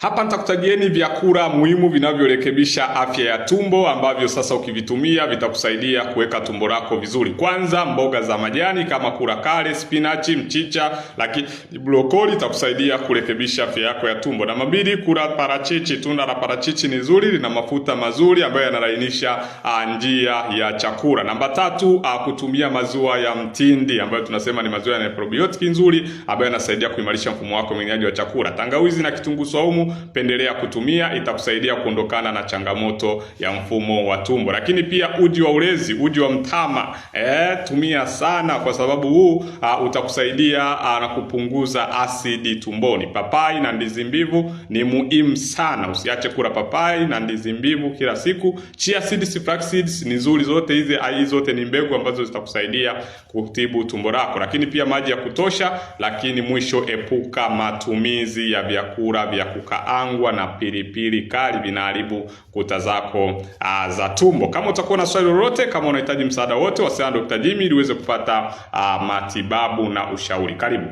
Hapa nitakutajieni vyakula muhimu vinavyorekebisha afya ya tumbo ambavyo sasa ukivitumia vitakusaidia kuweka tumbo lako vizuri. Kwanza, mboga za majani kama kale, spinach, mchicha, lakini brokoli itakusaidia kurekebisha afya yako ya tumbo. Namba mbili, kula parachichi. Tunda la parachichi ni zuri, lina mafuta mazuri ambayo yanalainisha ah, njia ya chakula. Namba tatu, a, ah, kutumia maziwa ya mtindi ambayo tunasema ni maziwa yana probiotic nzuri ambayo yanasaidia kuimarisha mfumo wako mmeng'enyo wa chakula. Tangawizi na kitunguu saumu pendelea kutumia, itakusaidia kuondokana na changamoto ya mfumo wa tumbo. Lakini pia uji wa ulezi, uji wa mtama eh, tumia sana kwa sababu huu uh, utakusaidia uh, na kupunguza asidi tumboni. Papai na ndizi mbivu ni muhimu sana, usiache kula papai na ndizi mbivu kila siku. Chia seeds, flax seeds ni nzuri zote hizi, ah, hizi zote ni mbegu ambazo zitakusaidia kutibu tumbo lako, lakini pia maji ya kutosha. Lakini mwisho, epuka matumizi ya vyakula vya kuka angwa na pilipili kali, vinaharibu kuta zako ah, za tumbo. Kama utakuwa na swali lolote, kama unahitaji msaada wote, wasiliana na Dr. Jimmy ili uweze kupata ah, matibabu na ushauri. Karibu.